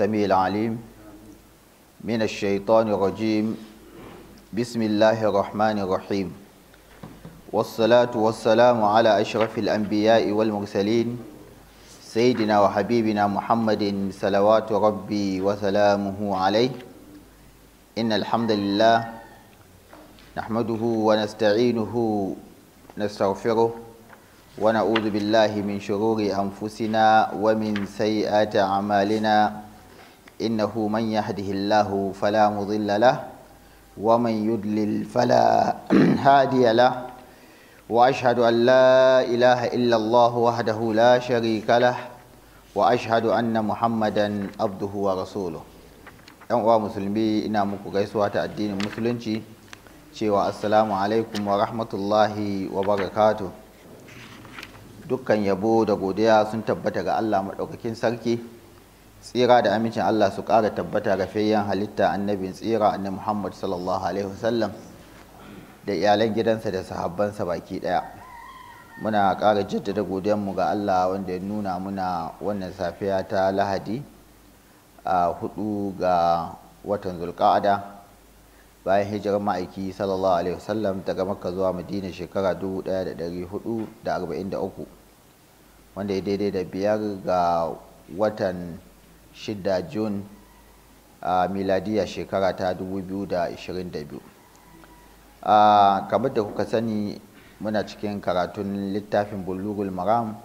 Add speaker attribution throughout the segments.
Speaker 1: السميع العليم من الشيطان الرجيم بسم الله الرحمن الرحيم والصلاة والسلام على أشرف الأنبياء والمرسلين سيدنا وحبيبنا محمد صلوات ربي وسلامه عليه إن الحمد لله نحمده ونستعينه نستغفره ونعوذ بالله من شرور أنفسنا ومن سيئات أعمالنا إنه من يهده الله فلا مضل له ومن يضلل فلا هادي له وأشهد أن لا إله إلا الله وحده لا شريك له وأشهد أن محمدا عبده ورسوله ‘yan uwa musulmi ina muku gaisuwa ta addinin musulunci cewa asalamu alaikum wa rahmatullahi wa barakatuh dukkan yabo da godiya sun tabbata ga Allah maɗaukakin sarki tsira da amincin Allah su ƙara tabbata ga fayyan halitta annabin tsira annabi Muhammad sallallahu alaihi wasallam da iyalan gidansa da sahabbansa baki ɗaya muna ƙara jaddada godiyanmu ga Allah wanda ya nuna muna wannan safiya ta Lahadi a hudu ga watan Zulqa'ada bayan hijirar ma'aiki sallallahu alaihi wasallam daga Makka zuwa Madina shekara 1443 wanda ya daidai da biyar ga watan 6 jun a miladiya shekara ta 2022 a kamar da kuka sani muna cikin karatun littafin bulugul maram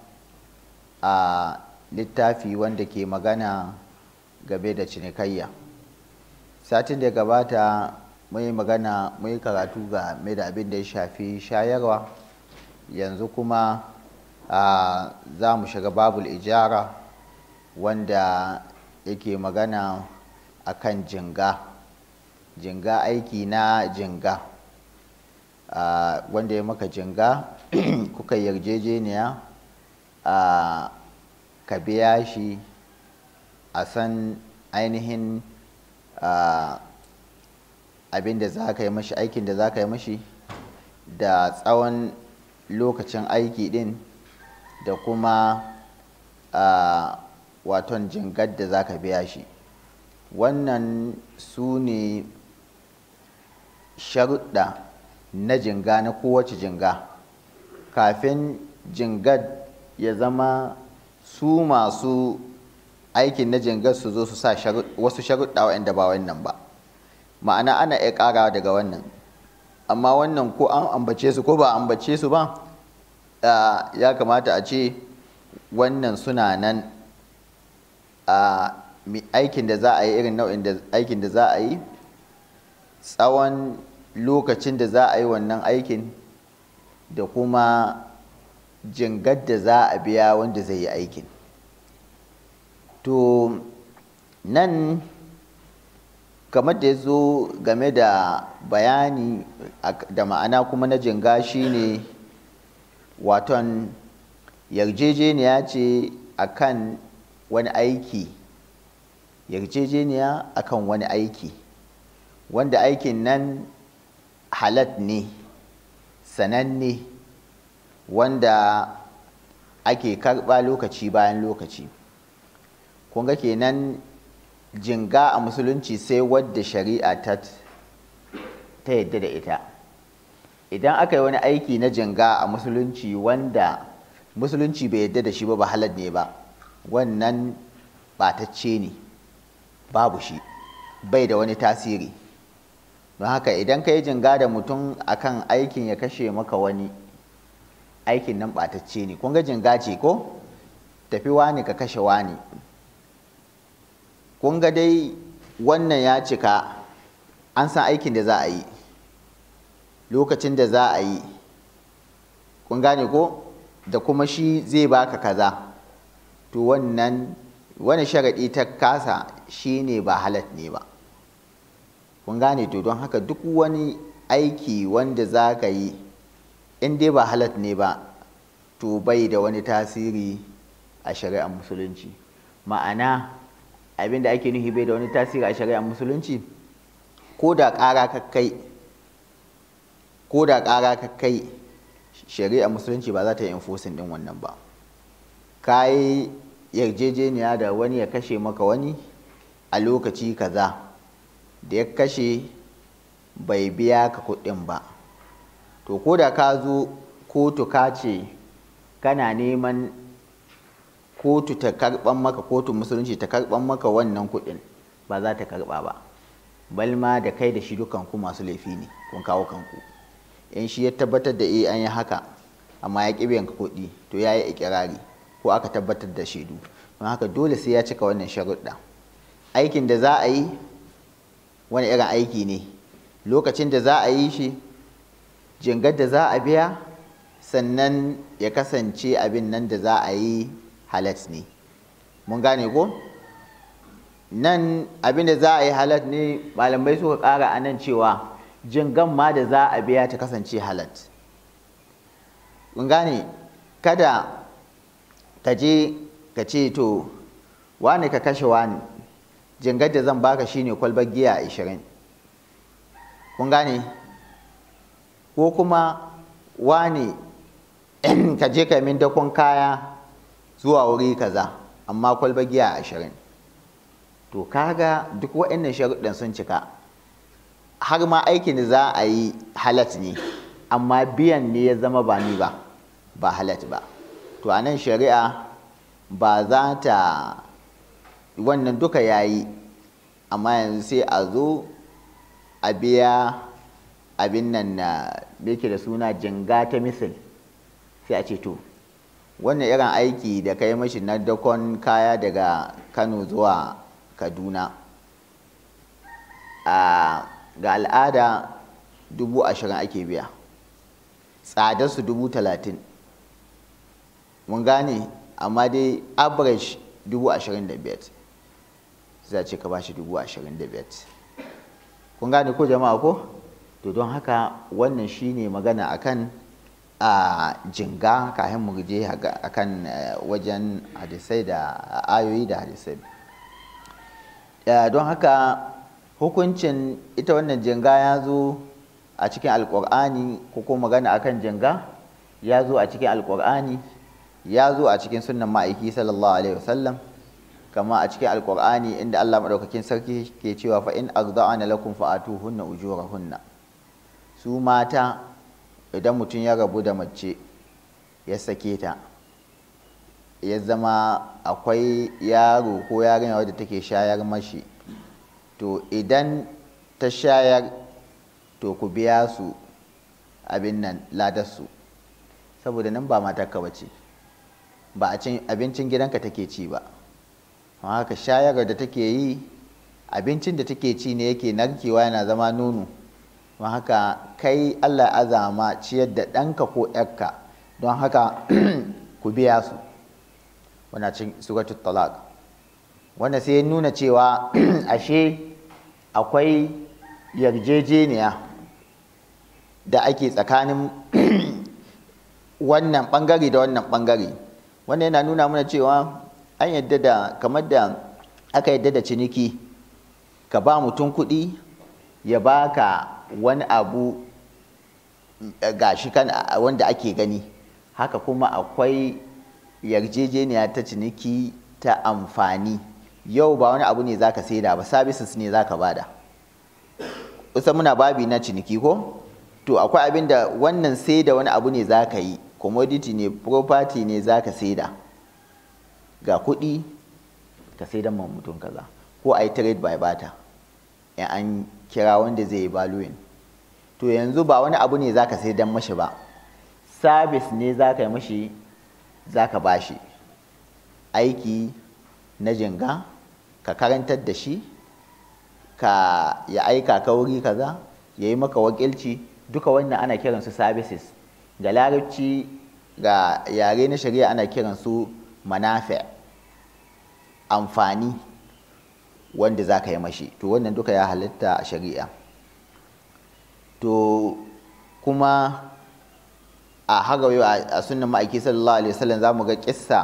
Speaker 1: a littafi wanda ke magana game da cinikayya satin da gabata mai magana mai karatu ga mai da abin da ya shafi shayarwa yanzu kuma za mu shiga babul ijara wanda yake magana akan jinga jinga aiki na jinga ah, wanda ya maka jinga kuka yarjejeniya a ka biya shi a san ainihin abin da za ka yi mashi aikin da za ka yi mashi da tsawon lokacin aiki din da kuma waton jingar da za ka biya shi wannan su ne sharuɗa na jinga na kowace jinga kafin jingar ya zama su masu aikin na jingar su zo su sa wasu sharuɗa waɗanda ba wannan ba ma'ana ana iya ƙara daga wannan amma wannan ko an ambace su ko ba ambace su ba eh, ya kamata a ce wannan suna nan a aikin da za a yi irin nau'in da aikin da za a yi tsawon lokacin da za a yi wannan aikin da kuma jingar da za a biya wanda zai yi aikin to nan kamar da ya zo game da bayani da ma'ana kuma na jinga shi ne waton yarjejeniya ce a kan. wani aiki yarjejeniya akan wani aiki wanda aikin nan halat ne sananne wanda ake karɓa lokaci bayan lokaci kunga kenan jinga a musulunci sai wadda shari'a ta ta yadda da ita idan aka yi wani aiki na jinga a musulunci wanda musulunci bai yadda da shi ba ba ne ba wannan ɓatacce ne babu shi bai da wani tasiri don haka idan ka yi jinga da mutum akan aikin ya kashe maka wani aikin nan ɓatacce ne kun jinga ce ko tafi wani ka kashe wani kun dai wannan ya cika an san aikin da za a yi lokacin da za a yi kun gane ko da kuma shi zai baka kaza to wannan wani sharaɗi ta kasa shi ne ba halat ne ba kun gane to don haka duk wani aiki wanda za ka yi in dai ba halat ne ba to bai da wani tasiri a shari'ar musulunci ma'ana abinda ake nufi bai da wani tasiri a shari'ar musulunci ko da ƙara ka ko da ƙara shari'ar musulunci ba za ta yi enforcing din wannan ba ka yi yarjejeniya da wani ya kashe maka wani a lokaci kaza da ya kashe bai biya ka kuɗin ba to ko da ka zo kotu ka ce kana neman kotu ta karɓan maka kotu musulunci ta karɓan maka wannan kuɗin ba za ta karɓa ba balma da kai da shi dukanku masu laifi ne kun kawo kanku in shi ya tabbatar da iya eh, an yi haka amma ya ƙi biyan kuɗi to ya yi ikirari ko aka tabbatar da shaidu don haka dole sai ya cika wannan sharuɗa aikin da za a yi wani irin aiki ne lokacin da za a yi shi jingar da za a biya sannan ya kasance abin nan da za a yi halat ne mun gane ko nan abin da za a yi halat ne malamai suka kara a nan cewa jingan ma da za a biya ta kasance halat mun gane kada ka je ka ce to wani ka kashe wani jingar da zan baka shine kwalbar giya ashirin kun gane ko kuma wani ka je ka min dakon kaya zuwa wuri kaza amma kwalbar giya ashirin to kaga duk waɗannan sharuɗin sun cika har ma aikin da za a yi halat ne amma biyan ne ya zama ba ni ba ba halat ba to a nan shari'a ba za ta wannan duka ya yi amma yanzu sai a zo a biya abin nan na yake da suna jinga ta misil sai a ce to wannan irin aiki da kai mashi na dakon kaya daga kano zuwa kaduna a ga al'ada dubu ashirin ake biya tsadarsu dubu talatin mun gane amma dai average dubu ashirin da biyar za ce ka bashi dubu ashirin da biyar kun gane ko jama'a ko to don haka wannan shine magana akan a jinga kafin mu je akan eh, wajen hadisai da ayoyi da hadisai don haka hukuncin ita wannan jinga ya zo a cikin alkur'ani ko kuma magana akan jinga ya zo a cikin alkur'ani ya zo a cikin sunan ma'aiki sallallahu alaihi wasallam kama a cikin alkur'ani inda Allah madaukakin sarki ke cewa fa in arda'ana lakum atuhunna ujurahunna su mata idan mutum ya rabu da mace ya sake ta ya zama akwai yaro ko yarinya wadda take shayar mashi to idan ta shayar to ku biya su abin nan ladarsu saboda nan ba matarka bace ba a cin abincin gidanka take ci ba amma haka shayarwa da take yi abincin da take ci ne yake narkewa yana zama nono amma haka kai allah azama ciyar da ɗanka ko ƴarka don haka ku biya su wana cin suratul talaq wanda sai ya nuna cewa ashe akwai yarjejeniya da ake tsakanin wannan bangare da wannan bangare wannan yana nuna mana cewa an yadda da kamar da aka yadda da ciniki ka ba mutum kuɗi ya ba ka wani abu shi kan wanda ake gani haka kuma akwai yarjejeniya ta ciniki ta amfani yau ba wani abu ne za zaka saida ba services ne za ka bada kusa muna babi na ciniki ko to akwai abin da wannan sai da wani abu ne za ka yi commodity ne property ne za ka saida ga kuɗi ka saida ma mutum kaza ko a yi trade by bata in an kira wanda zai yi valuing to yanzu ba wani abu ne za ka saidan mashi ba service ne za ka yi mashi za ka ba shi aiki na jinga ka karantar da shi ka ya aika ka wuri kaza ya yi maka wakilci duka wannan ana kiransu services ga larabci ga yare na shari'a ana kiransu manafi amfani wanda za ka yi mashi to wannan duka ya halitta a shari'a to kuma a hagawa a sunan ma'aiki sallallahu alaihi wasallam za mu ga kissa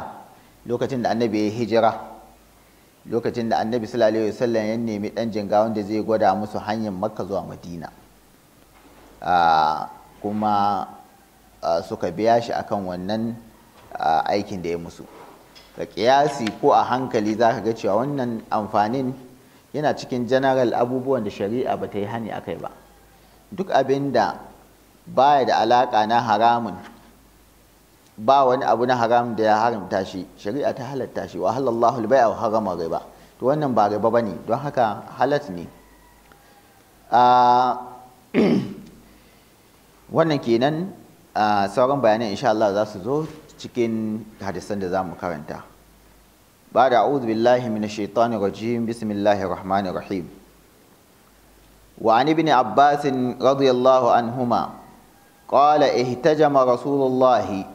Speaker 1: lokacin da annabi ya hijira lokacin da annabi sallallahu alaihi wasallam ya nemi dan jinga wanda zai gwada musu hanyar makka zuwa madina ah, kuma suka biya shi akan wannan aikin da ya musu ga kiyasi ko a hankali za ka ga cewa wannan amfanin yana cikin general abubuwan da shari'a ba ta yi hani a kai ba duk abin da baya da alaƙa na haramun ba wani abu na haramun da ya haramta shi shari'a ta halatta shi wa halallahu albai'a haramar harama riba to wannan ba riba ne, don haka halat ne wannan kenan sauran bayanai insha Allah za su zo cikin hadisan da za mu karanta ba da a'udhu billahi minash shaitani rajim bismillahir rahmanir rahim wa an ibn abbas radiyallahu anhuma qala ihtajama rasulullahi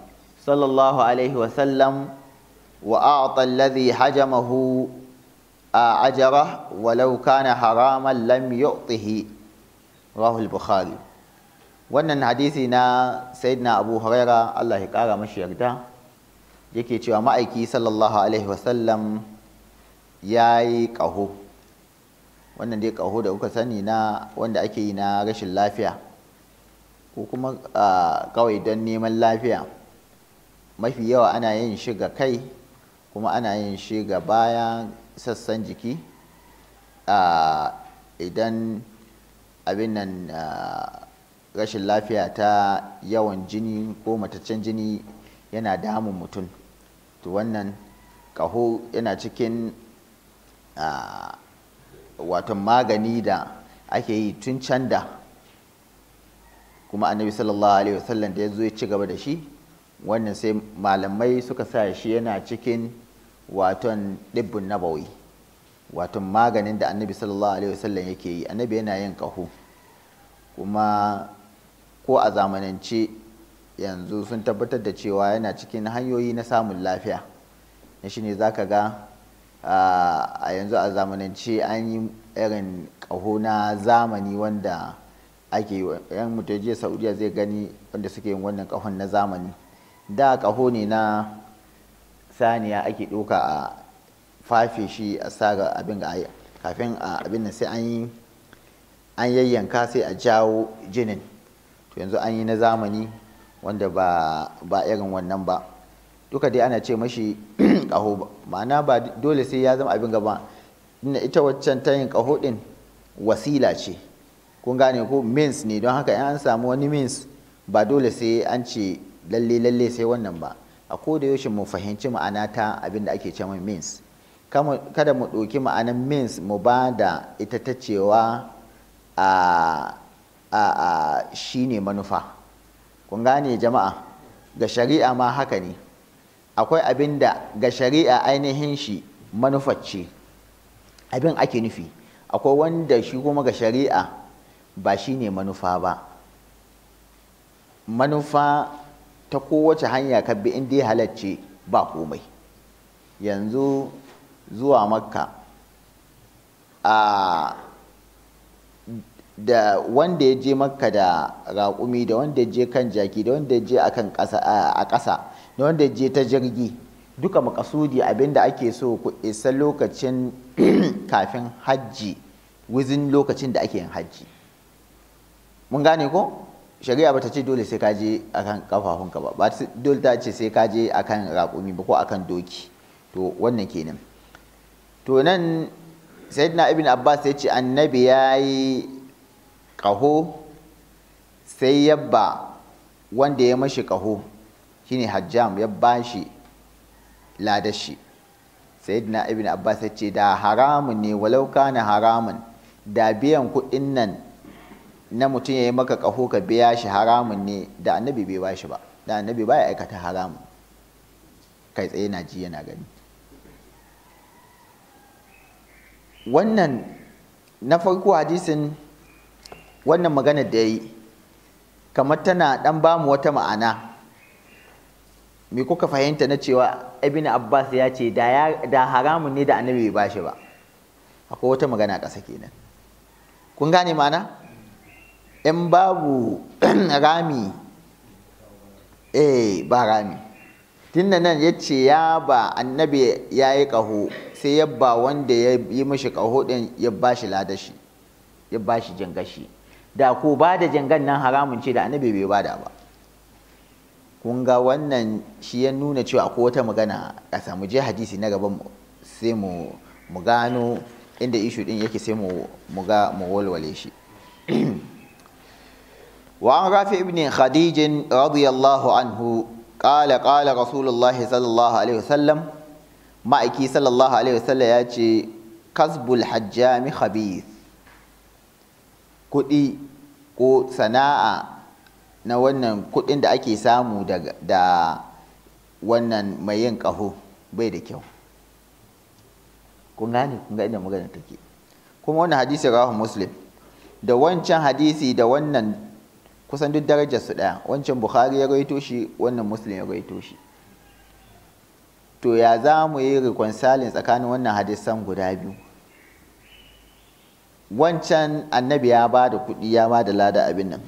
Speaker 1: sallallahu alaihi wa sallam wa a'ta alladhi hajamahu ajrah walau kana haraman lam yu'tihi rawahu bukhari wannan hadisi na sayyidina abu huraira allah ya kara mashi yarda yake cewa ma'aiki sallallahu alaihi wasallam ya yi ƙaho wannan dai ƙaho da kuka sani na wanda ake yi na rashin lafiya ko kuma kawai don neman lafiya mafi yawa ana yin shi ga kai kuma ana yin shi ga baya sassan jiki idan abin nan rashin lafiya ta yawan jini ko mataccen jini yana damun mutum to wannan kaho yana cikin watan magani da ake yi tun can da kuma annabi sallallahu alaihi wasallam da ya zo ya ci gaba da shi wannan sai malamai suka sa shi yana cikin waton ɗibbin nabawi waton maganin da annabi sallallahu alaihi wasallam yake yi annabi yana yin ƙaho kuma ko a zamanance yanzu sun tabbatar da cewa yana cikin hanyoyi na samun lafiya na shi ne za ka ga a yanzu a zamanance an yi irin ƙaho na zamani wanda ake yi yan mutaje saudiya zai gani wanda suke yin wannan ƙahon na zamani da kaho ne na saniya ake ɗauka a fafe shi a saga abin ga kafin abin nan sai an yi an yayyanka sai a jawo jinin to yanzu an yi na zamani wanda ba irin wannan ba duka dai ana ce mashi ba ma'ana ba dole sai ya zama abin gaba ina ita waccan tayin kaho ɗin wasila ce kun gane ko means ne don haka in an samu wani means ba dole sai an ce lalle lalle sai wannan ba a koda yaushe mu fahimci ma'ana ta abin da ake ce means kada mu ɗauki ma'anar means mu ba da ita ta cewa a ah, a shi ne manufa kun gane jama'a ga shari'a ma haka ne akwai abin da ga shari'a ainihin shi manufacce abin ake nufi akwai wanda shi kuma ga shari'a ba shi ne manufa ba manufa ta kowace hanya ka bi inda ya halarce ba komai yanzu zuwa makka a da wanda ya je makka da raƙumi da wanda ya je kan jaki da wanda ya je a ƙasa da wanda ya je ta jirgi duka makasudi abinda ake so ku isa lokacin kafin hajji wizin lokacin da ake yin hajji mun gane ko shari'a bata ce dole sai ka je akan kafafunka ba ba dole ta ce sai ka je akan raƙumi ba ko akan doki to wannan kenan to nan sayyidina ibn abbas ya ce annabi ya yi. ƙaho sai yabba wanda ya mashi ƙaho shine hajjam ya bashi ladashi sayyidina ibn abbas ya ce da haramun ne walauka na haramun da biyan kuɗin nan na mutum ya yi maka ƙaho ka biya shi haramun ne da annabi bai shi ba da annabi baya aikata haramun kai tsaye na ji yana gani wannan na farko hadisin wannan magana da ya yi kamar tana ɗan ba mu wata ma'ana me kuka fahimta na cewa ibn abbas ya ce da haramun ne da annabi ba shi ba akwai wata magana ƙasa kenan kun gane ma'ana in babu rami eh ba rami tun nan ya ce ya ba annabi ya yi ƙaho sai ya wanda ya yi mashi ƙaho ɗin ya ba shi ladashi ya ba shi jangashi da ko ba da jangan nan haramun ce da annabi bai bada ba kun ga wannan shi ya nuna cewa ko wata magana a samu je hadisi na gaban sai mu mu gano inda ishu din yake sai mu mu ga mu walwale shi wa an rafi ibn khadij radiyallahu anhu qala qala rasulullah sallallahu alaihi wasallam ma'aiki sallallahu alaihi wasallam ya ce kasbul hajjami khabith kuɗi ko sana'a na wannan kuɗin da ake samu da wannan mai yin ƙaho bai da kyau kun gane kun ga inda magana take kuma wannan hadisi rawahu muslim da wancan hadisi da wannan kusan duk darajar su ɗaya wancan bukhari ya raito shi wannan muslim ya raito shi to ya za mu yi reconciling tsakanin wannan hadisan guda biyu wancan annabi ya ba da kuɗi ya ma da lada abin nan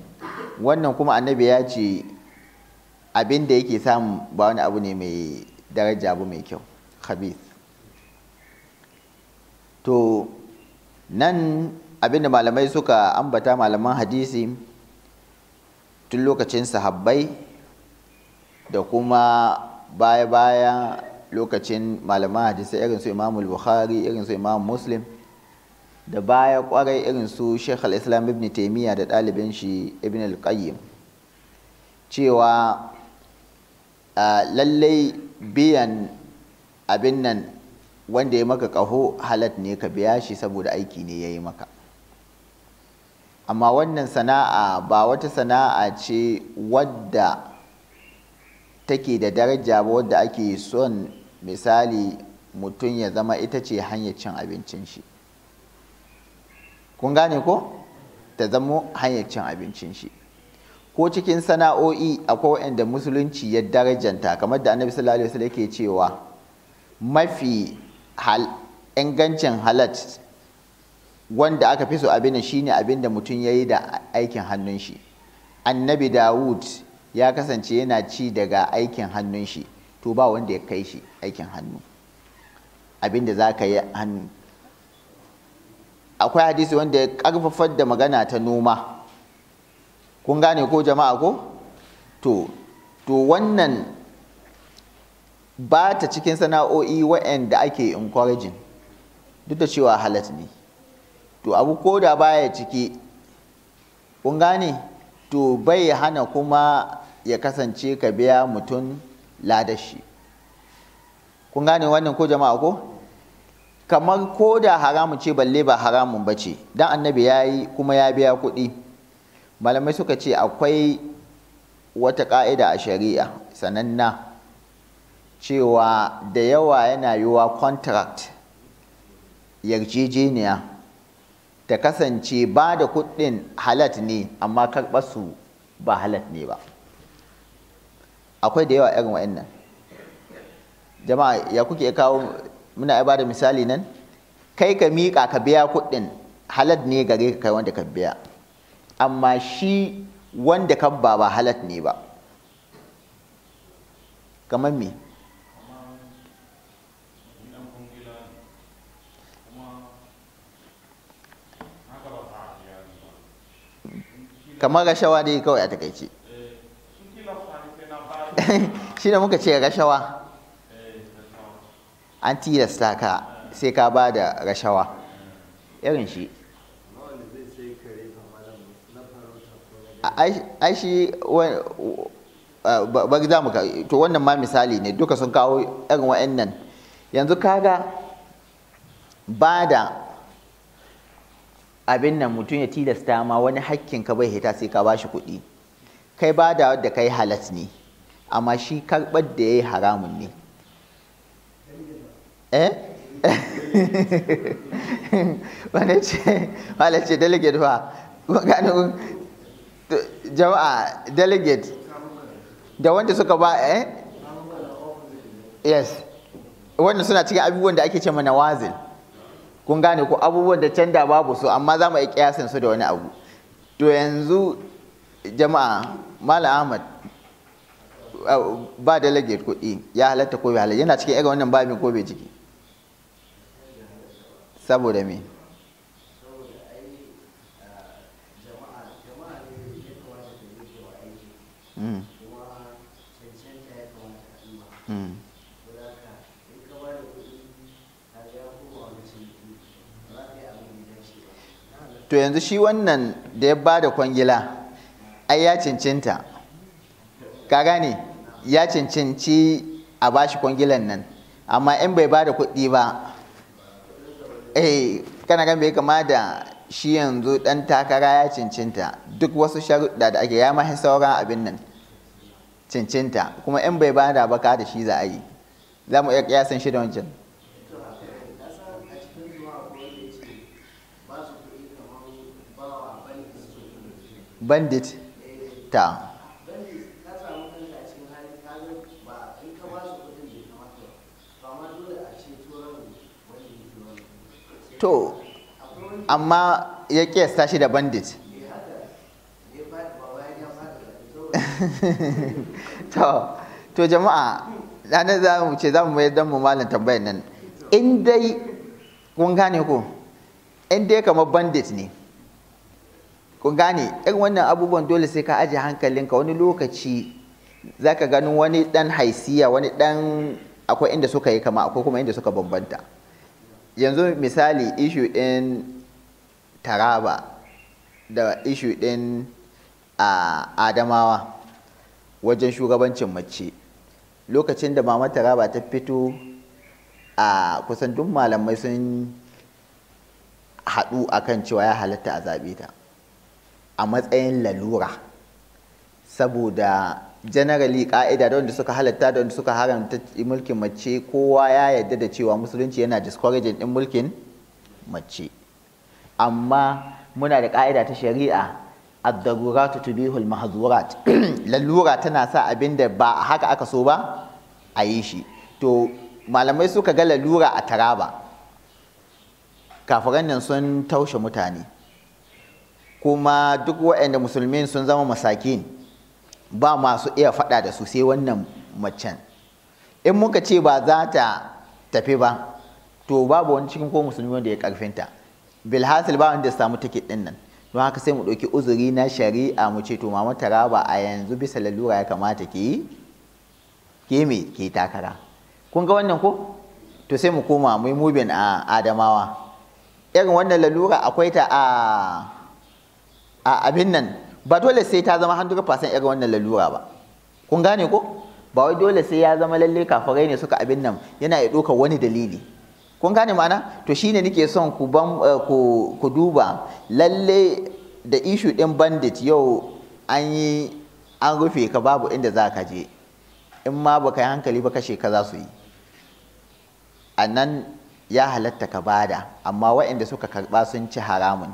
Speaker 1: wannan kuma annabi ya ce abin da yake samu ba wani abu ne mai daraja abu mai kyau khabith to nan abin da malamai suka ambata malaman hadisi tun lokacin sahabbai da kuma baya-baya lokacin malaman hadisi irin su imamul bukhari irin su imamul muslim da baya kwarai irin su Sheikh al-Islam Ibn Taymiyyah da ɗalibin shi Ibn al-Qayyim cewa lallai biyan abin nan wanda ya maka ƙaho halat ne ka biya shi saboda aiki ne ya yi maka amma wannan sana'a ba wata sana'a ce wadda take da daraja ba wadda ake son misali mutum ya zama ita ce hanyar cin abincin shi kun gane ko ta zamo hanyar cin abincin shi ko cikin sana'o'i akwai waɗanda musulunci ya darajanta kamar da annabi sallallahu alaihi wasallam yake cewa mafi ingancin halat wanda aka fi so abin shine abin da mutum yayi da aikin hannun shi annabi dawud ya kasance yana ci daga aikin hannun shi to ba wanda ya kai shi aikin hannu abin da za ka yi hannu akwai hadisi wanda ya karfafar da magana ta noma kun gane ko jama'a ko to to wannan ba ta cikin sana'o'i waɗanda ake encouraging duk da cewa halat ne to abu ko da baya ciki kun gane to bai hana kuma ya kasance ka biya mutum ladashi kun gane wannan ko jama'a ko kamar ko da haramun ce balle ba haramun ba ce don annabi ya yi kuma ya biya kuɗi malamai suka ce akwai wata ƙa'ida a shari'a sananna cewa da yawa yana yiwuwa contract yarjejeniya ta kasance ba da kuɗin halat ne amma karɓarsu su ba halat ne ba akwai da yawa irin wa'annan jama'a ya kuke kawo muna ba da misali nan kai ka miƙa ka biya kuɗin halad ne gare ka kai wanda ka biya amma shi wanda ka ba ba halad ne ba kamar me kamar rashawa dai kawai a takaice eh, shi da muka ce rashawa an tilasta ka sai ka ba da rashawa irin shi ai shi bari za mu to wannan ma misali ne duka sun kawo irin wa'annan yanzu kaga ba da abin nan mutum ya tilasta ma wani hakkin ka bai hita sai ka ba shi kuɗi kai ba da wadda yi halas ne amma shi karɓar da ya yi haramun ne eh wane ce wane ce delegate ba. gano jama'a delegate da wanda suka ba eh yes wanda suna cikin abubuwan da ake ce mana wazin kun gane ko abubuwan da canda babu su amma za mu yi kiyasin su da wani abu to yanzu jama'a malam ahmad ba delegate kuɗi ya halatta ko bai halatta yana cikin irin wannan babin ko bai jiki. saboda me hmm. Hmm. to yanzu shi wannan da ya bada kwangila ai ya cancinta. ka gane ya cancanci a bashi kwangilan nan amma in bai bada kuɗi ba eh kana gan bai kama da shi yanzu dan takara ya cincinta duk wasu sharuɗa da ake ya mahi sauran abin nan cincinta kuma in bai bada ba ka da shi za a yi za mu iya kiyasan shi da wancan bandit ta to amma ya kiyasta shi da bandit, to jama'a ranar za mu ce za mu mai don mu malam tambayar nan in dai kun gane ku in kamar bandit ne kun gane irin wannan abubuwan dole sai ka aje hankalinka wani lokaci za ka ganin wani dan haisiya wani dan akwai inda suka yi kama akwai kuma inda suka bambanta yanzu misali ishu ɗin taraba da ishu ɗin a adamawa wajen shugabancin mace lokacin da mama taraba ta fito a kusan duk malamai sun haɗu akan cewa ya halatta a zaɓe ta a matsayin lalura saboda generally ka'ida da wanda suka halatta da wanda suka haramta mulkin mace kowa ya yarda da cewa musulunci yana discouraging din mulkin mace amma muna da ka'ida ta shari'a ad-daruratu tubihul mahzurat lallura tana sa abin da ba haka aka so ba a yi shi to malamai suka ga lalura a taraba kafiran nan sun taushe mutane kuma duk waɗanda musulmi sun zama masakin ba masu iya faɗa da su sai wannan macen in muka ce ba za ta tafi ba to babu wani cikin ko musulmi wanda ya karfinta bilhassil ba wanda ya samu take ɗin nan don haka sai mu ɗauki uzuri na shari'a mu ce to mama taraba a yanzu bisa lalura ya kamata ke ki me ke takara kun ga wannan ko to sai mu koma mu mubin a adamawa irin wannan lalura akwai ta a abin nan ba dole sai ta zama 100% yar wannan lalura ba kun gane ko ba wai dole sai ya zama lalle kafirai ne suka abin nan yana ya ɗauka wani dalili kun gane mana. to shine nake son ku ban eh, ku duba lalle da ishu din bandit yau an yi an rufe ka babu inda za ka je in ma baka yi hankali ba kashe ka za su yi a nan ya halatta ka bada amma waɗanda suka karɓa sun ci haramun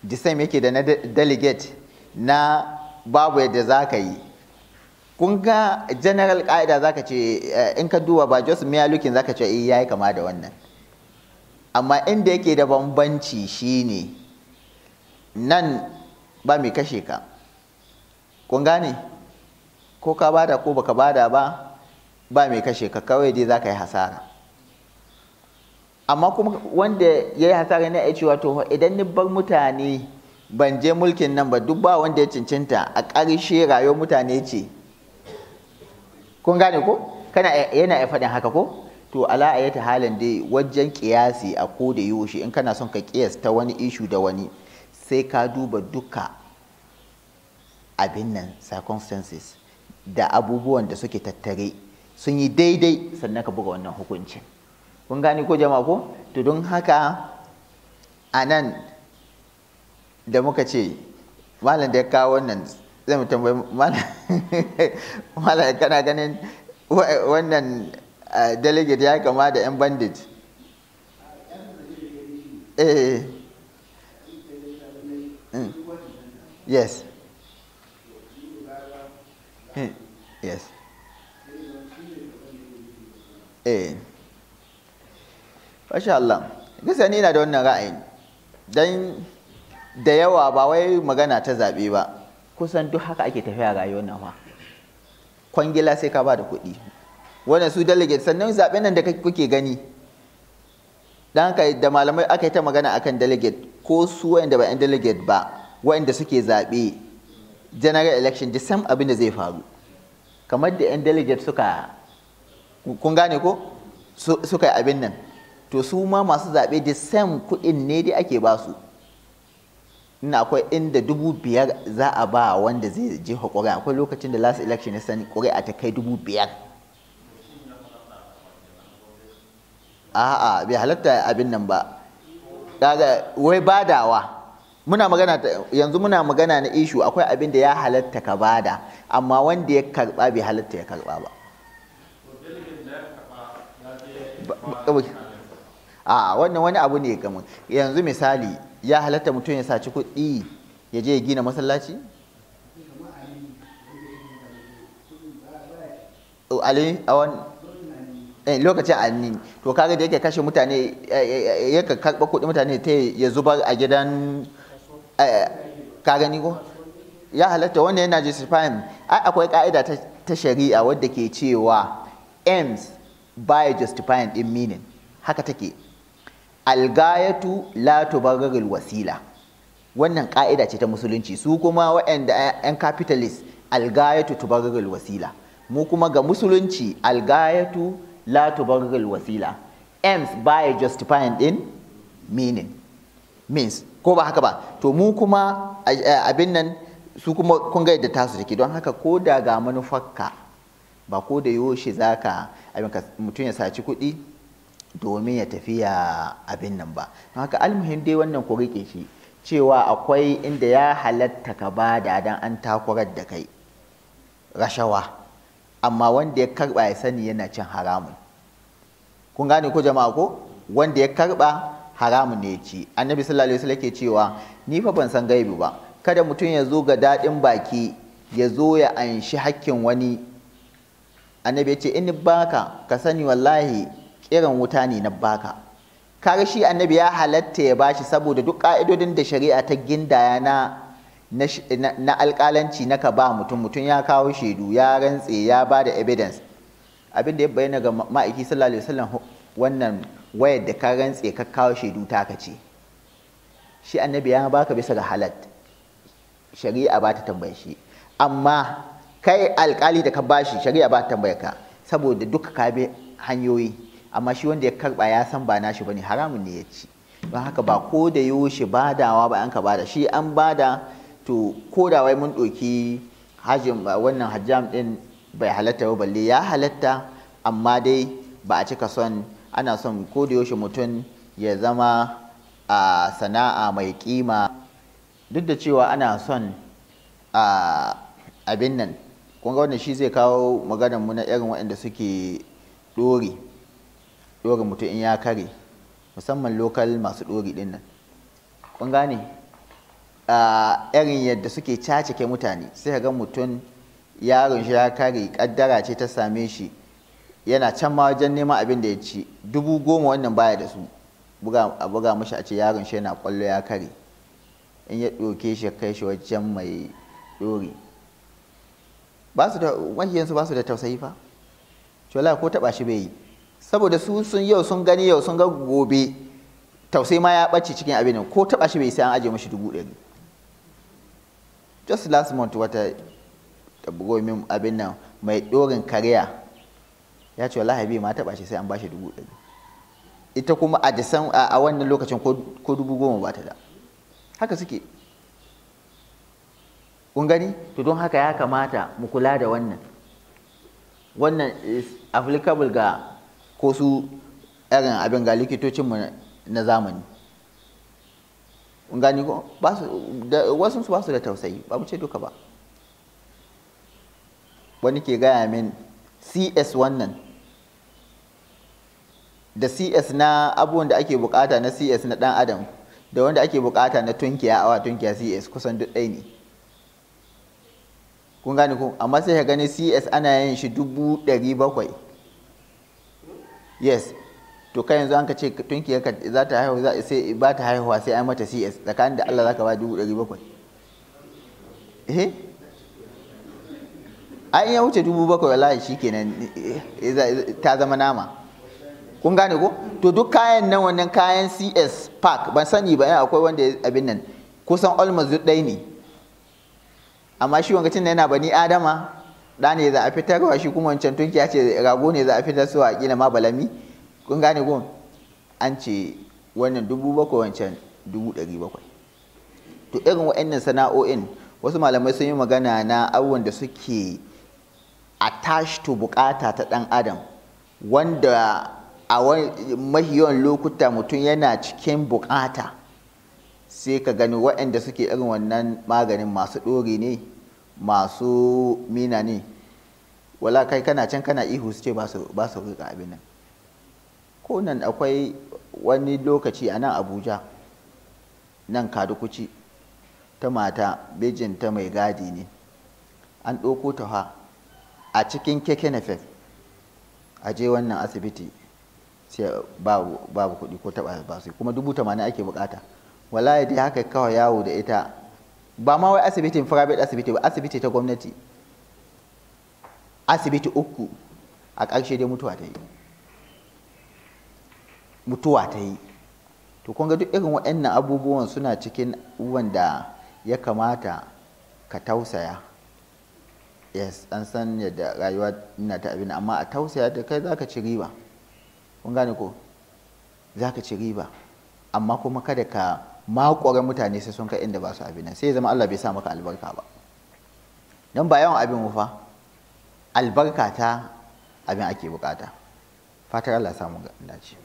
Speaker 1: Disam yake da na delegate na babu yadda za ka yi kun ga general ƙa'ida za ka ce eh, in ka duba ba jos miya lukin za ka ce eh, ya yi kama da wannan amma inda yake da bambanci shine nan ba mai kashe ka kun gane ko ka bada ko baka bada ba ba mai kashe ka kawai dai za ka yi hasara amma kuma wanda ya yi hasara ne a cewa to idan ni bar mutane ban je mulkin nan ba duk ba wanda ya cincinta a ƙarshe rayuwar mutane ce kun gane ko kana yana ya faɗin haka ko to ala ta halin dai wajen kiyasi a ko da yaushe in kana son ka ta wani ishu da wani sai ka duba duka abin nan circumstances da abubuwan da suke tattare sun yi daidai sannan ka buga wannan hukuncin kun gane ko jama'a ko to don haka a nan da muka ce malam da ya kawo wannan zai mu tambayi malam kana ganin wannan eh, delegate ya kama da 'yan bandit eh, eh. Hmm. yes hmm. yes eh Masha Allah, gaskiya ni na da wannan ra'ayin don da yawa ba wai magana ta zaɓe ba kusan duk haka ake tafiya rayuwar nan ma kwangila sai ka ba da kuɗi wannan su delegate sannan zaɓen nan da kuke gani dan ka da malamai aka yi ta magana akan delegate ko su wa'anda ba 'yan delegate ba wa'anda suke zaɓe general election the same abin da zai faru kamar da 'yan delegate suka kun gane ko suka yi abin nan to su ma masu zaɓe the same kuɗin ne dai ake basu. ina akwai inda dubu biyar za a ba wanda zai je ƙuri'a akwai lokacin da last election ya sani ƙuri'a ta kai dubu biyar a'a bai halatta abin nan ba kaga wai badawa muna magana yanzu muna magana na ishu akwai abin da ya halatta ka bada amma wanda ya karba bai halatta ya karba ba a wannan wani abu ne kamar yanzu misali ya halatta mutum ya saci kuɗi ya je ya gina masallaci eh, lokacin annini to kaga da yake kashe mutane eh, eh, yake karɓa kuɗi mutane ta ya zubar a gidan kaga ni ko ya halatta wannan yana justifying ai akwai ka'ida ta shari'a wadda ke cewa ends by justifying in meaning haka take algayatu la tubarrarul wasila wannan ka'ida ce ta musulunci su kuma waɗanda 'yan capitalist algayatu tubarrarul wasila mu kuma ga musulunci algayatu la tubarrarul wasila ends by justifying in meaning means ko ba haka ba to mu kuma eh, abin nan su kuma kun ga yadda tasu take don haka ko da ga manufarka ba ko da yaushe zaka abin ka mutum ya saci kuɗi domin ya tafi ya abin nan ba haka almuhim dai wannan ku rike shi cewa akwai inda ya halatta ka ba da dan an takurar da kai rashawa amma wanda ya karba ya sani yana cin haramun kun gane ko jama'a ko wanda ya karba haramun ne ci annabi sallallahu alaihi wasallam ke cewa ni fa ban san gaibi ba kada mutum ya zo ga dadin baki ya zo ya anshi hakkin wani annabi ya ce in baka ka sani wallahi irin wuta ne na baka kaga shi annabi ya halatta ya bashi saboda duk ka'idodin da shari'a ta gindaya na na alƙalanci na ka ba mutum mutum ya kawo shaidu ya rantse ya ba da evidence abin da ya bayyana ga ma'aiki sallallahu alaihi wasallam wannan wayar da ka rantse ka kawo shaidu ta ce shi annabi ya baka bisa ga halat shari'a ba ta tambaye shi amma kai alƙali da ka bashi shari'a ba ta tambaye ka saboda duka ka bi hanyoyi amma shi wanda ya karba ya san ba nashi bane haramun ne ya ci don haka ba ko da yoshi badawa ba an ka bada shi an bada to ko da wai mun ɗoki hajjin wannan hajjam din bai halatta ba balle ya halatta amma dai ba a cika son ana son ko da yaushe mutum ya zama a sana'a mai kima duk da cewa ana son a abin nan kun ga wannan shi zai kawo maganar mu na irin waɗanda suke ɗori Ɗorin mutum in ya kare musamman lokal masu ɗori ɗin nan kun gane a irin yadda suke cacike mutane sai ga mutum yaron shi ya kare kaddara ce ta same shi yana can ma wajen neman abin da ya ci dubu goma wannan baya da su a buga mashi a ce yaron shi yana kwallo ya kare in ya ɗoke shi kai shi wajen mai ɗori ba su da wahiyansu ba su da tausayi fa shola ko taɓa shi bai yi saboda su sun yau sun gani yau sun ga gobe tausayi ma ya ɓace cikin abin ko taɓa shi bai sai an aje mashi dubu ɗari just last month wata bugo min abin nan mai ɗorin kariya ya ce wallahi bai ma taɓa shi sai an ba shi dubu ɗari ita kuma a disan a wannan lokacin ko dubu goma ba ta da haka suke kun gani to don haka ya kamata mu kula da wannan wannan is applicable ga ko su irin abin ga likitocinmu na zamani gani wasu su ba su da tausayi ba mu ce duka ba wani ke gaya min cs wannan da cs na abubuwan da ake bukata na cs na dan adam da wanda ake bukata na tunkiya awa tunkiya cs kusan duk ɗaya ne kun gane ko amma sai ka gani cs ana yin shi dubu ɗari bakwai yes to kai yanzu an ka ce tunki za ta haihu sai ba ta haihuwa sai an mata cs tsakanin da allah za ka ba dubu ɗari bakwai eh an ya wuce dubu bakwai wallahi shikenan eh, ta zama nama kun gane ko to duk kayan nan wannan kayan cs park ban sani ba yana akwai wanda abin nan kusan almost duk ne amma shi wanga tun yana bani adama da ne za a wa shi kuma wancan tunki ya ce rago ne za a fitar su a kila ma balami kun gane gun an ce wannan dubu bakwai wancan dubu ɗari bakwai to irin wa'annan sana'o'in wasu malamai sun yi magana na abubuwan da suke attached to bukata ta ɗan adam wanda a yawan lokuta mutum yana cikin bukata sai ka gani waɗanda suke irin wannan maganin masu ɗori ne masu mina ne wala kai kana can kana ihu su ce ba su riƙa abin nan ko nan akwai wani lokaci a nan abuja nan kadukuci ta mata Bejin ta mai gadi ne an ɗauko ta ha a cikin keke nafef a je wannan asibiti sai babu kuɗi ko taɓa ba su kuma dubu tamanin ake bukata wala dai haka kawai yawo da ita ba ma wai asibitin private asibiti ba asibiti ta gwamnati asibiti uku a ƙarshe dai mutuwa ta yi mutuwa ta yi to kun ga duk irin waɗannan abubuwan suna cikin wanda ya kamata ka tausaya yes an san yadda rayuwa na ta abin amma a tausaya da kai zaka ci riba kun gane ko zaka ci riba amma kuma kada ka makwarar mutane sai sun kai inda ba su abin nan sai ya zama Allah bai sa maka albarka ba don ba yawan abin fa albarka ta abin ake bukata fatar Allah samu dace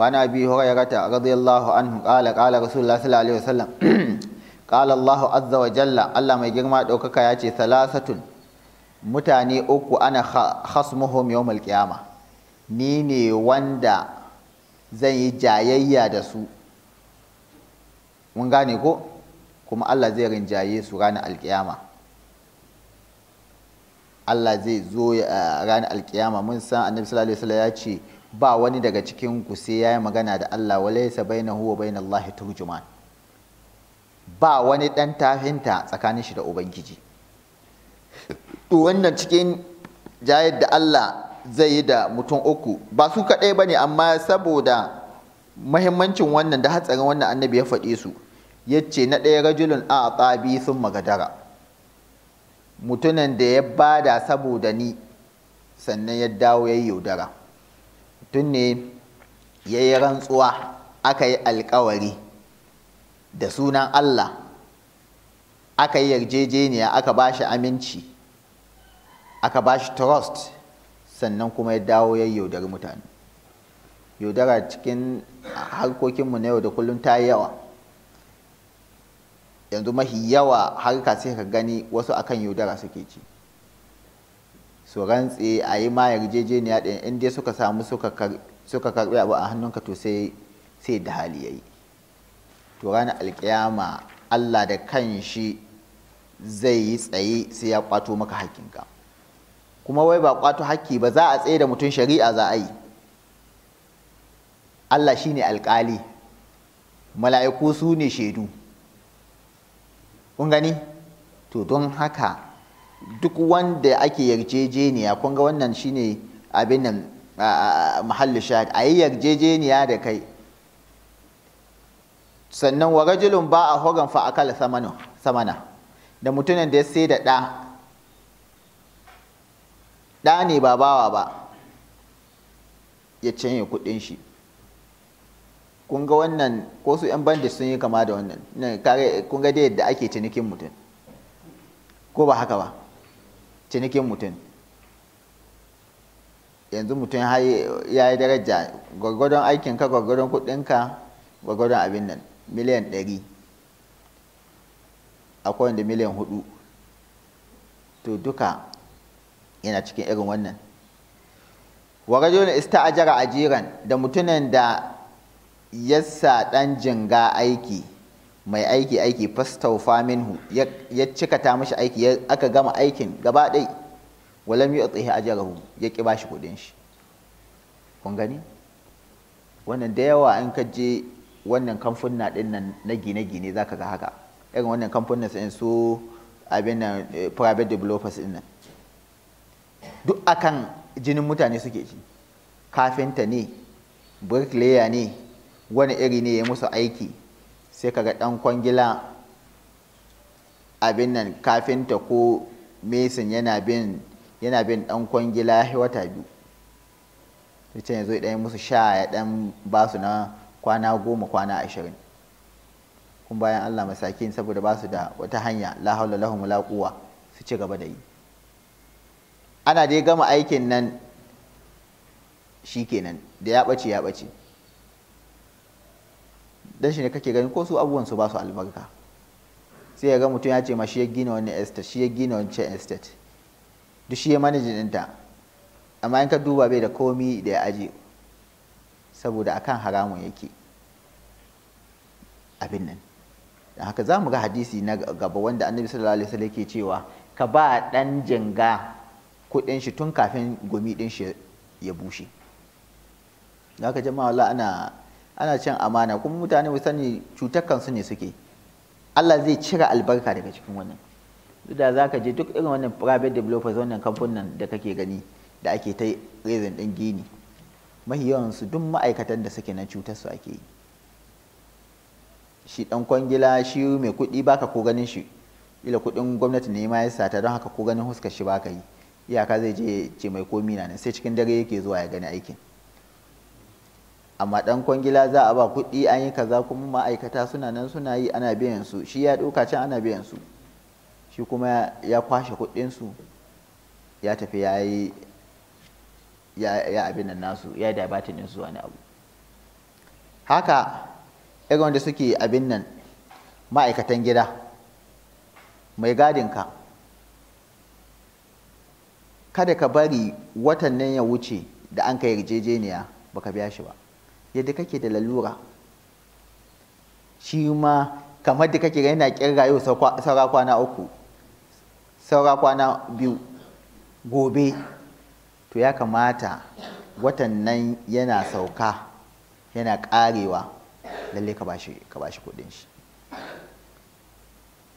Speaker 1: وعن ابي هريره رضي الله radiyallahu anhu qala qala rasulullah sallallahu alaihi wasallam qala Allah azza wa jalla, Allah mai girma daukaka yace salasatun mutane uku ana khasmuhum yawmal qiyama ni ne wanda zan yi jayayya da su mun gane ko kuma Allah zai rinjaye su ranar alkiyama Allah zai zo eh, ranar alkiyama mun san annabi sallallahu alaihi wasallam ya ce ba wani daga cikin ku sai yayi magana da Allah walaysa bainahu wa bainallahi turjuman ba wani dan tafinta tsakanin shi da ubangiji to wannan cikin jayar da Allah zai yi da mutum uku ba su kaɗai bane amma saboda mahimmancin wannan da hatsarin wannan annabi ya faɗe su ya ce na ɗaya rajulun a tsabi sun magadara mutumin da ya bada saboda ni sannan ya dawo ya yi yaudara tun ne ya yi rantsuwa aka yi alkawari da sunan Allah aka yi yarjejeniya aka ba shi aminci aka ba shi trust sannan kuma ya dawo ya yi yaudari mutane yaudara cikin harkokinmu na yau da kullum ta yawa yanzu mahi yawa harka sai ka gani wasu akan yaudara suke ci su rantse a yi ma yarjejeniya ɗin in dai suka samu suka karɓi abu a hannunka to sai sai da hali yayi to ranar alkiyama Allah da kan shi zai yi tsaye sai ya kwato maka hakkinka kuma wai ba kwato hakki ba za a tsaye da mutum shari'a za a yi Allah shi ne alƙali mala'iku su ne shaidu kun gani to don haka duk wanda ake yarjejeniya kun ga wannan ne abin nan mahallin shahid a yi yarjejeniya da kai sannan wa rajulun ba a horon fa akal samana da mutumin da ya sai da ɗa ɗa ne ba bawa ba ya canye kuɗin shi kun ga wannan ko su 'yan bandit sun yi kama da wannan kun ga da yadda ake cinikin mutum ko ba haka ba cinikin mutum yanzu mutum ya yi daraja gwagwadon aikinka gwagwadon kudinka gwagwadon abin nan miliyan 100 akwai wanda miliyan 4 to duka yana cikin irin wannan wa warajulun ista ajira ajiran da mutumin da yassa ɗan jinga aiki mai aiki aiki fastaufa minhu ya cikata ta mashi aiki aka gama aikin gaba ɗai walam yi tsaye ajarahu ya ƙi bashi kuɗin shi kun gani wannan da yawa in ka je wannan kamfuna ɗin nan na gine-gine za ka ga haka irin wannan kamfuna sun su abin nan eh, private developers ɗin nan duk akan jinin mutane suke ci kafinta ne bricklayer ne wani iri ne ya musu aiki sai kaga ɗan kwangila abin nan kafinta ko mesin yana bin yana bin ɗan kwangila wata biyu sai yanzu ya musu sha ya ɗan ba su na kwana goma kwana ashirin kun bayan Allah masakin saboda ba su da wata hanya la haula lahum la su ci gaba da yi ana dai gama aikin nan shi kenan da ya bace ya bace. dan shi ne kake ganin ko su abubuwan su ba su albarka sai ya ga mutum ya ce ma shi ya gina wani estate shi ya gina wancan estate duk shi ya manajin ɗinta amma in ka duba bai da komi da ya aji saboda akan haramun yake abin nan don haka za mu ga hadisi na gaba wanda annabi sallallahu alaihi wasallam yake cewa ka ba ɗan jinga kuɗin shi tun kafin gumi ɗin shi ya bushe don haka jama'a ana ana cin amana kuma mutane wasu sani cutar kansu ne suke Allah zai cire albarka daga cikin wannan duk da za je duk irin wannan private developers wannan kamfanin da kake gani da ake ta raising din gini mahi su duk ma'aikatan da suke na cutar su ake yi shi dan kwangila shi mai kuɗi baka ko ganin shi ila kuɗin gwamnati ne ma ya sata don haka ko ganin huskar shi baka yi iyaka zai je ce mai komi na sai cikin dare yake zuwa ya gani aikin amma dan kwangila za a ba kuɗi an yi kaza kuma ma'aikata suna nan suna yi ana biyan su shi ya ɗauka can ana biyan su shi kuma ya kwashe kuɗin su ya tafi ya yi ya abin nasu ya yi dabatin din su wani abu haka irin wanda suke abin nan ma'aikatan gida mai gadin ka kada ka bari watan nan ya wuce da an ka yarjejeniya baka biya shi ba yadda kake da lalura shi ma kamar da kake yana kyar yau saura kwana uku saura kwana biyu gobe to ya kamata watan nan yana sauka yana karewa lalle ka bashi shi kudin shi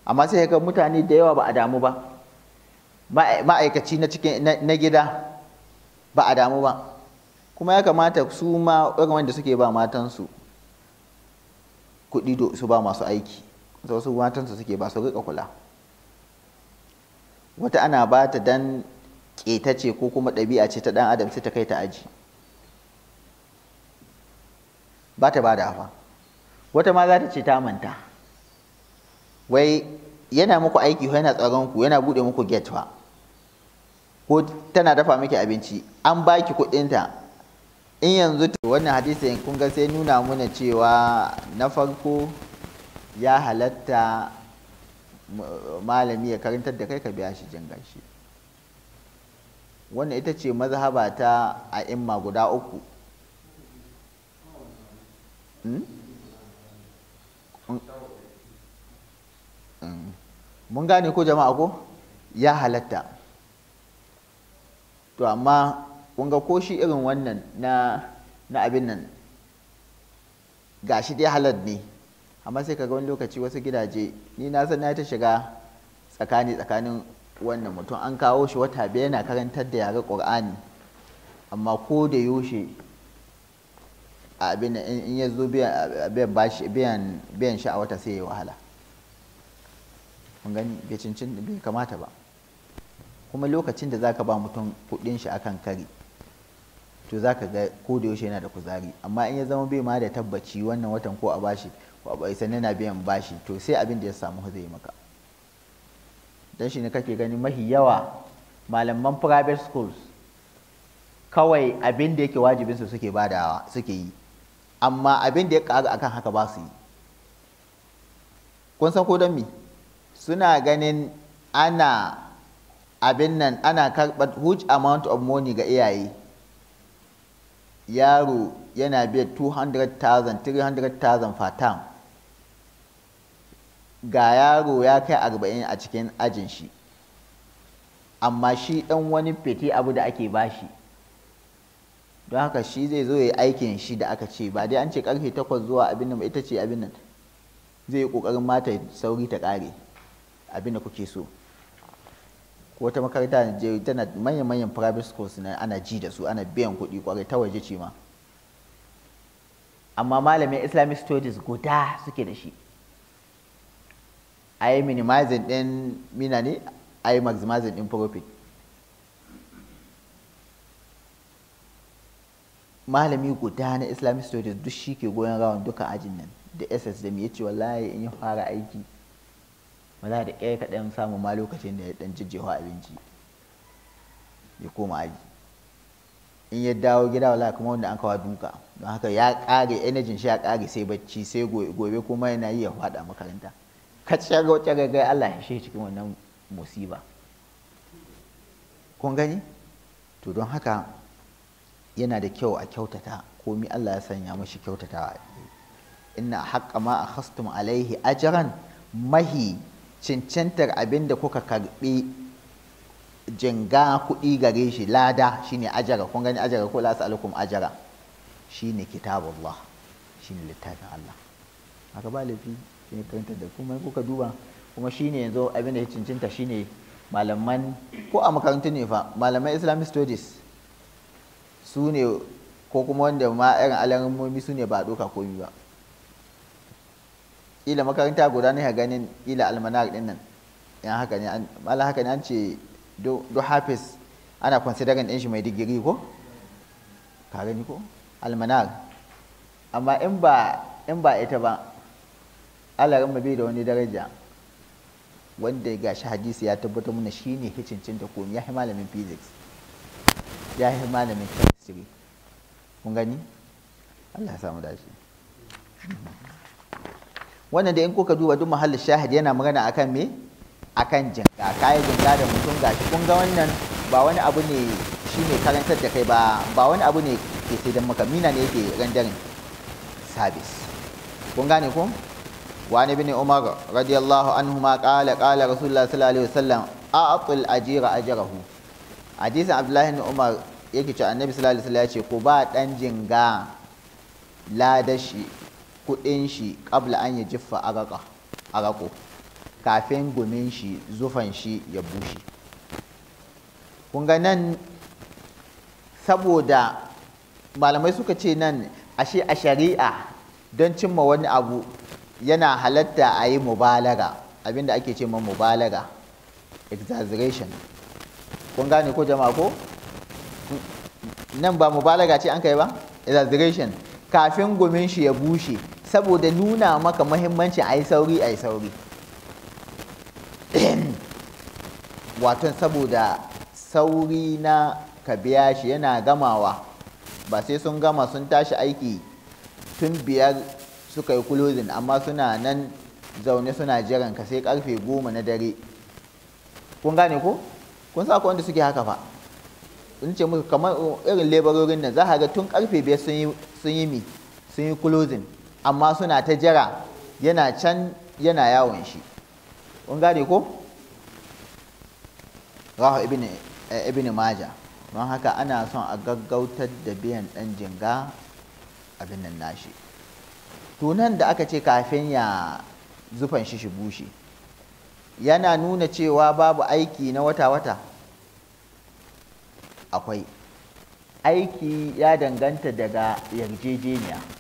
Speaker 1: amma sai ga mutane da yawa ba a damu ba ma'aikaci na gida ba a damu ba kuma ya kamata su ma wanda suke ba matansu kuɗi su ba masu aiki da wasu matansu suke ba su riƙa kula wata ana ba ta dan ƙeta ce ko kuma ɗabi'a ce ta ɗan adam sai ta kai ta aji ba ta ba da hafa wata ma za ta ce ta manta wai yana muku aiki yana tsaron ku yana buɗe muku get fa ko tana dafa miki abinci an baki kuɗinta in yanzu wannan hadisi in kun ga sai nuna muna cewa na farko ya halatta malami ya karantar da kai ka biya shi jin gashi wannan ita ce mazhaba ta a imma guda uku hmm? Hmm. mun gane ko jama'a ko ya halatta to amma kunga ko shi irin wannan na na abin nan ga shi dai halar ne amma sai kaga wani lokaci wasu gidaje ni na san na ta shiga tsakani tsakanin wannan mutum an kawo shi wata biyar yana karantar da yare qur'ani amma ko da yaushe abin in ya zo biyan shi a wata sai ya wahala gani bai cincin bai kamata ba kuma lokacin da zaka ba mutum kudin shi akan kari to za ka ga ko da yaushe yana da kuzari amma in ya zama bai ma da tabbaci wannan watan ko a bashi ko a bai na biyan bashi to sai abin da ya samu zai maka dan shi ne kake gani mahi yawa malaman private schools kawai abin da yake wajibin su suke badawa suke yi amma abin da ya karu akan haka ba su yi kun san ko don mi. suna ganin ana abin nan ana karɓar huge amount of money ga iyaye yaro yana biya 200,000 300,000 fatam ga yaro ya kai 40 a cikin ajin shi amma shi ɗan wani fete abu da ake bashi don haka shi zai zo ya aikin shi da aka ce ba dai an ce karfe takwas zuwa abin nan ita ce abin nan zai yi ƙoƙarin mata sauri ta ƙare abin da kuke so wata makaranta a Nigeria tana manyan manyan private schools na ana ji da su ana biyan kuɗi kwarai ta waje ce ma amma malamin Islamic studies guda suke da shi a yi minimizing ɗin mina ne a yi maximizing ɗin profit malami guda na islamic studies duk shi ke goyon rawan duka ajin nan da ss da ya ce wallahi in yi fara aiki maza da ƙaya kaɗan samu ma lokacin da ya ɗan jijjewa abinci ya koma aji in ya dawo gida wala kuma wanda an kawo duka don haka ya ƙare energy shi ya ƙare sai bacci sai gobe kuma yana yi ya faɗa makaranta ka ga wacce Allah ya shi cikin wannan musiba kun gani to don haka yana da kyau a kyautata komi Allah ya sanya mashi kyautatawa inna haqqa ma akhastum alaihi ajran mahi cancantar abin da kuka karbi jinga kuɗi gare shi lada shine ajara kun gani ajara ko la sa'alukum ajara shine Allah shine littafin Allah haka ba laifi shine karanta da kuma kuka duba kuma shine yanzu abin da ya cancanta shine malaman ko a makarantu ne fa malaman Islamic studies su ne ko kuma wanda ma irin alamomi su ne ba a doka komi ba ila makaranta guda ne ganin ila almanar din nan yan haka ne mala haka ne an ce do hafiz ana considering din shi mai digiri ko ka gani ko almanar amma in ba in ba ita ba alaran mabi da wani daraja wanda ga shi hadisi ya tabbata mana shine hicincin da komi ya yi malamin physics ya yi malamin chemistry kun gani Allah ya samu Mm-hmm. wannan da in kuka duba duk mahallin shahid yana magana akan me akan jinga kayan jinga da mutum gashi kun ga wannan ba wani abu ne shi ne karantar da kai ba ba wani abu ne ke sai dan maka mina ne yake rendering service kun gane ko وعن ابن عمر رضي الله عنهما قال قال رسول الله صلى الله عليه وسلم أعطي الأجير أجره حديث عبد الله بن عمر yake cewa annabi alaihi wasallam ya ce ko ba dan jinga kudin shi kabla an yi jiffa arako kafin gumin shi zufan shi ya bushe kun ga nan saboda malamai suka ce nan ashe a shari'a don cimma wani abu yana halatta a yi mubalaga abinda ake ce ma mubalaga exaggeration kun gane ko jama'a ko nan ba mubalaga ce an kai ba exaggeration kafin gumin shi ya bushe saboda nuna maka mahimmanci a yi sauri a yi sauri wato saboda sauri na ka biya shi yana gamawa ba sai sun gama sun tashi aiki tun biyar suka yi kulozin amma suna nan zaune suna jiran ka sai karfe goma na dare kun gane ko kun sa wanda suke haka fa in ce musu, kamar irin lebarorin nan za a ga tun karfe biyar sun yi mi sun yi kulozin amma suna ta jira yana can yana yawon shi kun gane ko rahu ibn eh, maja don haka ana son a gaggautar da biyan dan jinga abin nan nashi tunan da aka ce kafin ya zufan shi shi bushe yana nuna cewa babu aiki na wata-wata akwai aiki ya danganta daga yarjejeniya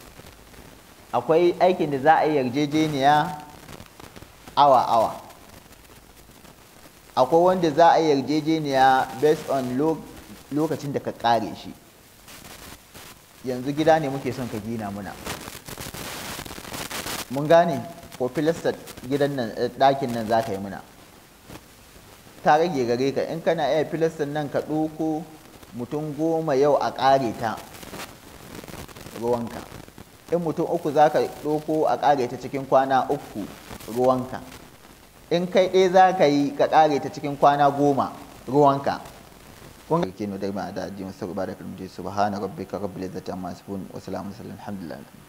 Speaker 1: akwai aikin da za a yi yarjejeniya awa awa akwai wanda za a yi yarjejeniya based on lokacin da ka kare shi yanzu gida ne muke son ka gina muna mun gane ko filistar gidan nan eh, ɗakin nan za ka yi muna ta rage gare ka in kana iya filistar nan ka ɗoko mutum goma yau a ƙare ta ruwanka in mutum uku za ka ɗauko a ƙare ta cikin kwana uku ruwanka in kai ɗaya za ka yi ka ƙare ta cikin kwana goma ruwanka kun ga nuna da ba da jin sabba da kalmuje subhana da ta masu fun wasu lamun salin alhamdulillah